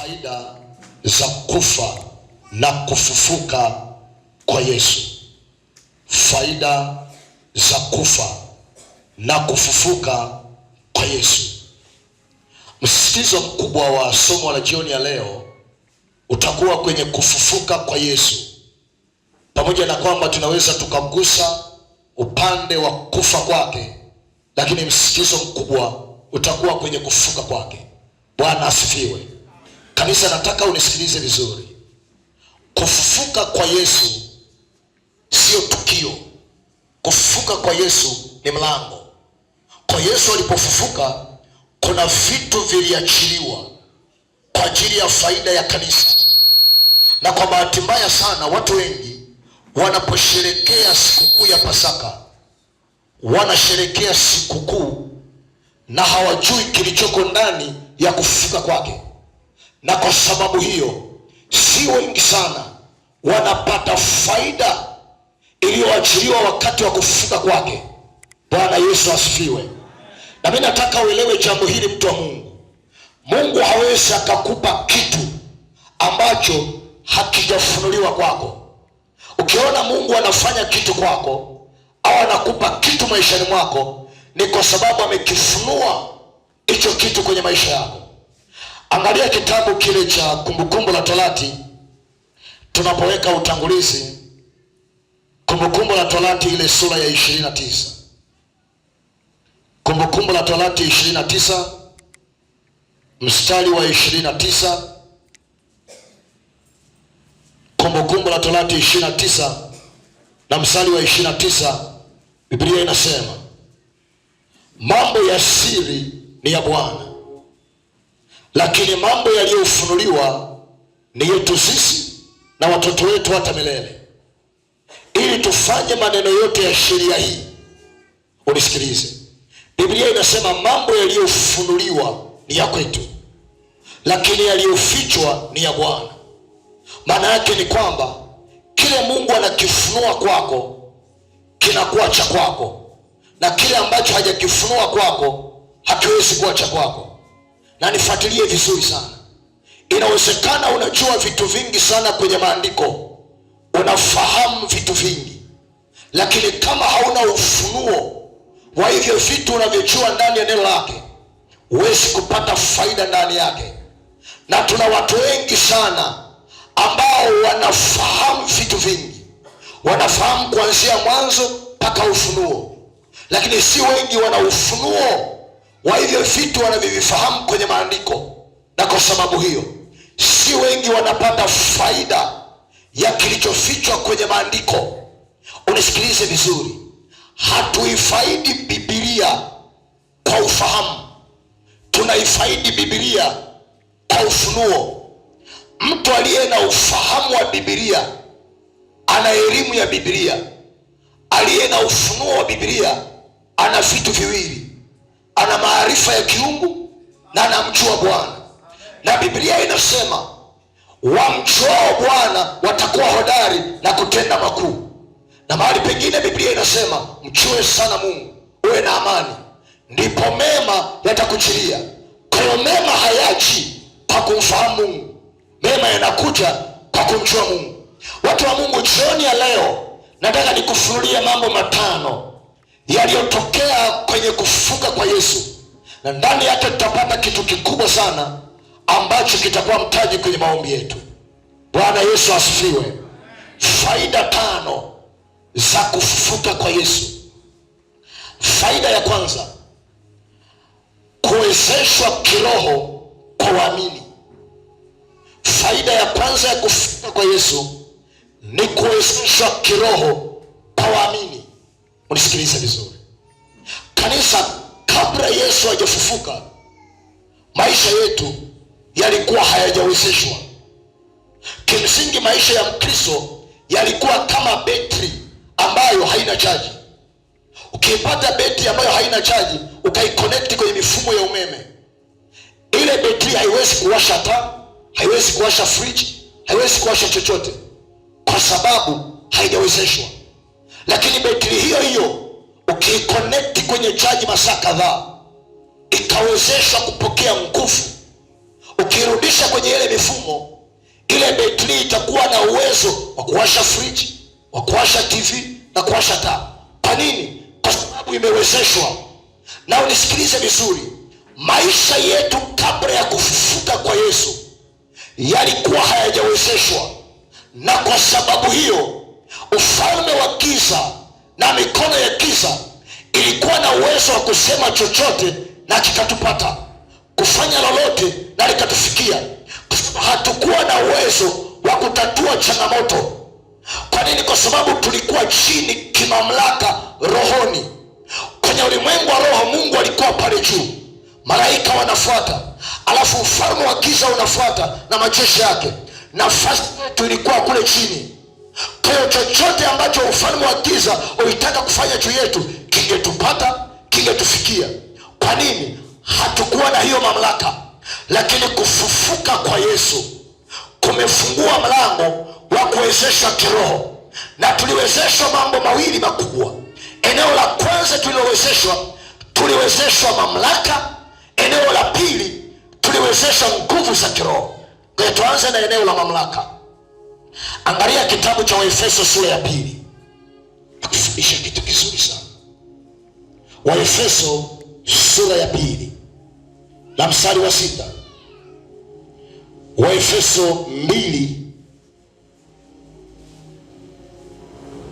faida za kufa na kufufuka kwa Yesu. Faida za kufa na kufufuka kwa Yesu. Msisitizo mkubwa wa somo la jioni ya leo utakuwa kwenye kufufuka kwa Yesu. Pamoja na kwamba tunaweza tukagusa upande wa kufa kwake, lakini msisitizo mkubwa utakuwa kwenye kufufuka kwake. Bwana asifiwe. Kanisa, nataka unisikilize vizuri. Kufufuka kwa Yesu sio tukio. Kufufuka kwa Yesu ni mlango. Kwa Yesu alipofufuka, kuna vitu viliachiliwa kwa ajili ya faida ya kanisa, na kwa bahati mbaya sana watu wengi wanaposherekea sikukuu ya Pasaka wanasherekea sikukuu na hawajui kilichoko ndani ya kufufuka kwake na kwa sababu hiyo si wengi sana wanapata faida iliyoachiliwa wakati wa kufuka kwake. Bwana Yesu asifiwe. Na mi nataka uelewe jambo hili, mtu wa Mungu. Mungu hawezi akakupa kitu ambacho hakijafunuliwa kwako. Ukiona Mungu anafanya kitu kwako au anakupa kitu maishani mwako, ni kwa sababu amekifunua hicho kitu kwenye maisha yako. Angalia kitabu kile cha Kumbukumbu la Torati tunapoweka utangulizi, Kumbukumbu la Torati ile sura ya 29, Kumbukumbu la Torati 29 mstari wa 29, Kumbukumbu la Torati 29 na na mstari wa 29, Biblia inasema mambo ya siri ni ya Bwana lakini mambo yaliyofunuliwa ni yetu sisi na watoto wetu hata milele, ili tufanye maneno yote ya sheria hii. Unisikilize, Biblia inasema mambo yaliyofunuliwa ni ya kwetu, lakini yaliyofichwa ni ya Bwana. Maana yake ni kwamba kile Mungu anakifunua kwako kinakuwa cha kwako, na kile ambacho hajakifunua kwako hakiwezi kuwa cha kwako na nifuatilie vizuri sana. Inawezekana unajua vitu vingi sana kwenye maandiko, unafahamu vitu vingi, lakini kama hauna ufunuo wa hivyo vitu unavyojua ndani ya neno lake, huwezi kupata faida ndani yake. Na tuna watu wengi sana ambao wanafahamu vitu vingi, wanafahamu kuanzia mwanzo mpaka ufunuo, lakini si wengi wana ufunuo wa hivyo vitu wanavyovifahamu kwenye maandiko, na kwa sababu hiyo si wengi wanapata faida ya kilichofichwa kwenye maandiko. Unisikilize vizuri, hatuifaidi bibilia kwa ufahamu, tunaifaidi bibilia kwa ufunuo. Mtu aliye na ufahamu wa bibilia ana elimu ya bibilia aliye na ufunuo wa bibilia ana vitu viwili ana maarifa ya kiungu na anamjua Bwana, na Biblia inasema wamchuao Bwana watakuwa hodari na kutenda makuu. Na mahali pengine Biblia inasema mchue sana Mungu, uwe na amani, ndipo mema yatakuchilia kwayo mema hayaji kwa kumfahamu Mungu, mema yanakuja kwa kumchua Mungu. Watu wa Mungu, jioni ya leo nataka nikufurulia mambo matano yaliyotokea kwenye kufuka kwa Yesu, na ndani yake tutapata kitu kikubwa sana ambacho kitakuwa mtaji kwenye maombi yetu. Bwana Yesu asifiwe. Faida tano za kufuka kwa Yesu. Faida ya kwanza, kuwezeshwa kiroho kwa waamini. Faida ya kwanza ya kufuka kwa Yesu ni kuwezeshwa kiroho kwa waamini. Unisikilize vizuri, kanisa, kabla Yesu hajafufuka maisha yetu yalikuwa hayajawezeshwa. Kimsingi, maisha ya Mkristo yalikuwa kama betri ambayo haina chaji. Ukiipata betri ambayo haina chaji ukaikonekti kwenye mifumo ya umeme, ile betri haiwezi kuwasha taa, haiwezi kuwasha friji, haiwezi kuwasha chochote, kwa sababu haijawezeshwa. Lakini betri hiyo hiyo ukiikonekti kwenye chaji masaa kadhaa, ikawezeshwa kupokea nguvu, ukirudisha kwenye ile mifumo, ile betri itakuwa na uwezo wa kuwasha friji, wa kuwasha TV na kuwasha taa. Kwa nini? Kwa sababu imewezeshwa. Na unisikilize vizuri, maisha yetu kabla ya kufufuka kwa Yesu yalikuwa hayajawezeshwa, na kwa sababu hiyo ufalme wa giza na mikono ya giza ilikuwa na uwezo wa kusema chochote na kikatupata, kufanya lolote na likatufikia. Hatukuwa na uwezo wa kutatua changamoto. Kwa nini? Kwa sababu tulikuwa chini kimamlaka rohoni, kwenye ulimwengu wa roho. Mungu alikuwa pale juu, malaika wanafuata, alafu ufalme wa giza unafuata na majeshi yake. Nafasi yetu ilikuwa kule chini. Kwa chochote ambacho ufalme wa giza ulitaka kufanya juu yetu kingetupata, kingetufikia. Kwa nini? Hatukuwa na hiyo mamlaka, lakini kufufuka kwa Yesu kumefungua mlango wa kuwezeshwa kiroho, na tuliwezeshwa mambo mawili makubwa. Eneo la kwanza tulilowezeshwa, tuliwezeshwa mamlaka. Eneo la pili tuliwezeshwa nguvu za kiroho. Tuanze na eneo la mamlaka. Angalia kitabu cha Waefeso sura ya pili, nakufundisha kitu kizuri sana. Waefeso sura ya pili na mstari wa sita. Waefeso mbili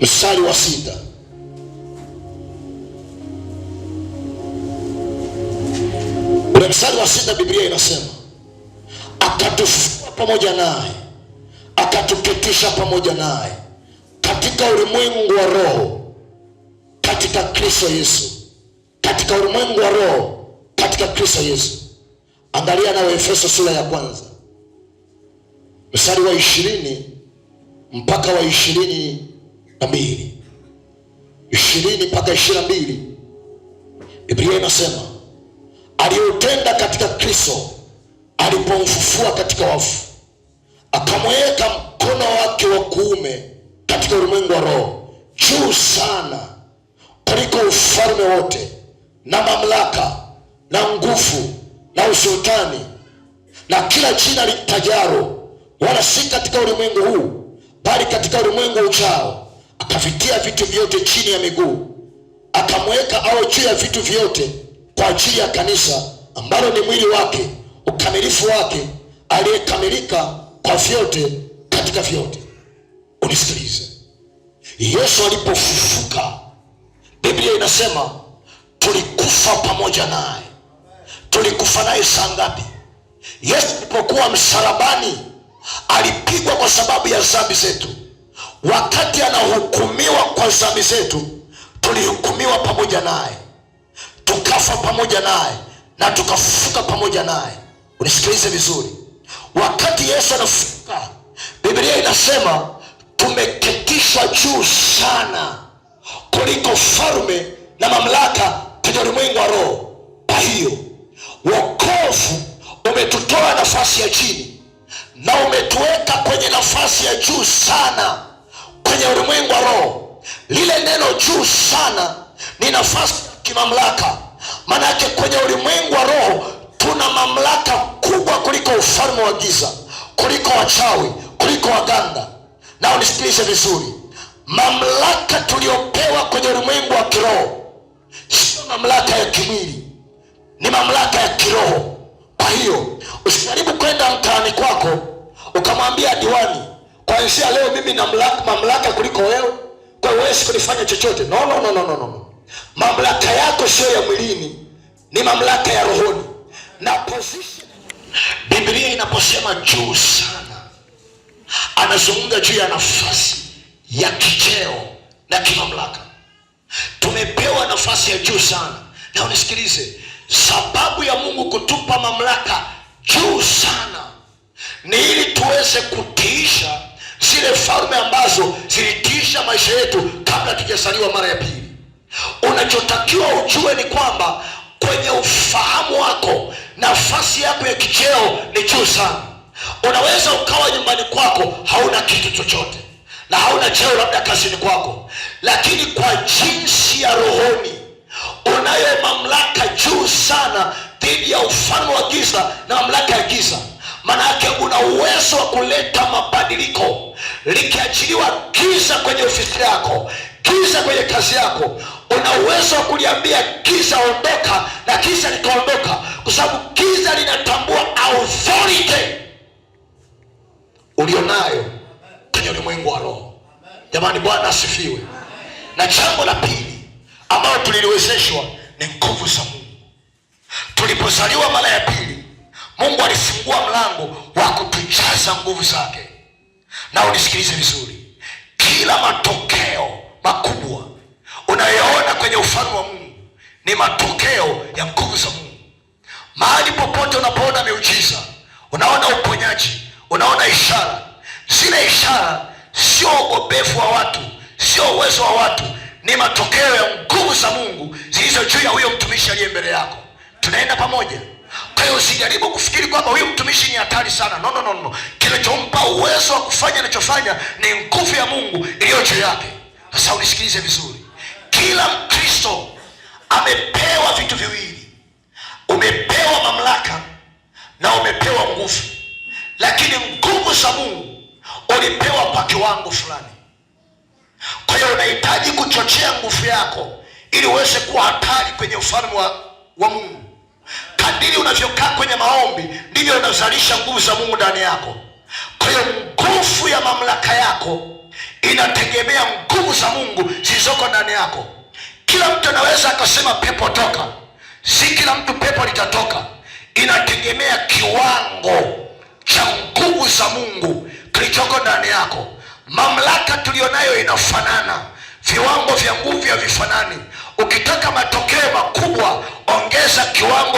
mstari wa sita. Ule mstari wa sita Biblia inasema akatufua pamoja naye akatuketisha pamoja naye katika ulimwengu wa roho, katika Kristo Yesu, katika ulimwengu wa roho, katika Kristo Yesu. Angalia na Waefeso sura ya kwanza mstari wa ishirini mpaka wa ishirini na mbili ishirini mpaka ishirini na mbili Biblia inasema aliyotenda katika Kristo alipomfufua katika wafu akamweka mkono wake wa kuume katika ulimwengu wa roho juu sana kuliko ufalme wote na mamlaka na nguvu na usultani na kila jina litajaro, wala si katika ulimwengu huu, bali katika ulimwengu ujao. Akavitia vitu vyote chini ya miguu, akamweka awe juu ya vitu vyote kwa ajili ya kanisa, ambalo ni mwili wake, ukamilifu wake, aliyekamilika kwa vyote katika vyote. Unisikilize, Yesu alipofufuka, Biblia inasema tulikufa pamoja naye. Tulikufa naye saa ngapi? Yesu alipokuwa msalabani, alipigwa kwa sababu ya dhambi zetu. Wakati anahukumiwa kwa dhambi zetu, tulihukumiwa pamoja naye, tukafa pamoja naye na tukafufuka pamoja naye. Unisikilize vizuri, wakati Yesu anafufuka Biblia inasema tumeketishwa juu sana kuliko falme na mamlaka kwenye ulimwengu wa roho. Kwa hiyo wokovu umetutoa nafasi ya chini na umetuweka kwenye nafasi ya juu sana kwenye ulimwengu wa roho. Lile neno juu sana ni nafasi kimamlaka, maanake kwenye ulimwengu wa roho tuna mamlaka kubwa kuliko ufalme wa giza, kuliko wachawi kwa waganga na unisikilize vizuri. Mamlaka tuliyopewa kwenye ulimwengu wa kiroho sio mamlaka ya kimwili, ni mamlaka ya kiroho. Kwa hiyo usijaribu kwenda mtaani kwako ukamwambia diwani, kwanzia leo mimi na mamlaka kuliko wewe, kwa uwezi kunifanya chochote. No, no, no, no, no, no. Mamlaka yako sio ya mwilini, ni mamlaka ya rohoni na position. Biblia inaposema juzi anazungumza juu ya nafasi ya kicheo na kimamlaka. Tumepewa nafasi ya juu sana, na unisikilize, sababu ya Mungu kutupa mamlaka juu sana ni ili tuweze kutiisha zile falme ambazo zilitiisha maisha yetu kabla tujasaliwa mara ya pili. Unachotakiwa ujue ni kwamba kwenye ufahamu wako nafasi yako ya kicheo ni juu sana. Unaweza ukawa nyumbani kwako hauna kitu chochote na hauna cheo, labda kazini kwako, lakini kwa jinsi ya rohoni unayo mamlaka juu sana dhidi ya ufano wa giza na mamlaka ya giza. Manake una uwezo wa kuleta mabadiliko. Likiachiliwa giza kwenye ofisi yako, giza kwenye kazi yako, una uwezo wa kuliambia giza ondoka, na giza likaondoka kwa sababu giza linatambua authority ulionayo kwenye ulimwengu wa roho. Jamani, Bwana asifiwe. Na jambo la pili ambayo tuliliwezeshwa ni nguvu za Mungu. Tulipozaliwa mara ya pili, Mungu alifungua mlango wa kutujaza nguvu zake, na unisikilize vizuri, kila matokeo makubwa unayoona kwenye ufalme wa Mungu ni matokeo ya nguvu za Mungu. Mahali popote unapoona miujiza, unaona uponyaji unaona ishara. Zile ishara sio ugopefu wa watu, sio uwezo wa watu, ni matokeo ya nguvu za Mungu zilizo juu ya huyo mtumishi aliye mbele yako. Tunaenda pamoja. Kwa hiyo usijaribu kufikiri kwamba huyu mtumishi ni hatari sana. No, no, no, no. Kinachompa uwezo wa kufanya anachofanya ni nguvu ya Mungu iliyo juu yake. Sasa unisikilize vizuri, kila Mkristo amepewa vitu viwili. Umepewa kuachia nguvu yako ili uweze kuwa hatari kwenye ufalme wa, wa Mungu. Kadiri unavyokaa kwenye maombi ndivyo unazalisha nguvu za Mungu ndani yako. Kwa hiyo nguvu ya mamlaka yako inategemea nguvu za Mungu zilizoko ndani yako. Kila mtu anaweza akasema pepo toka, si kila mtu pepo litatoka. Inategemea kiwango cha nguvu za Mungu kilichoko ndani yako. Mamlaka tuliyonayo inafanana viwango vya nguvu havifanani. Ukitaka matokeo makubwa, ongeza kiwango